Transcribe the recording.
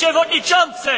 przewodniczący!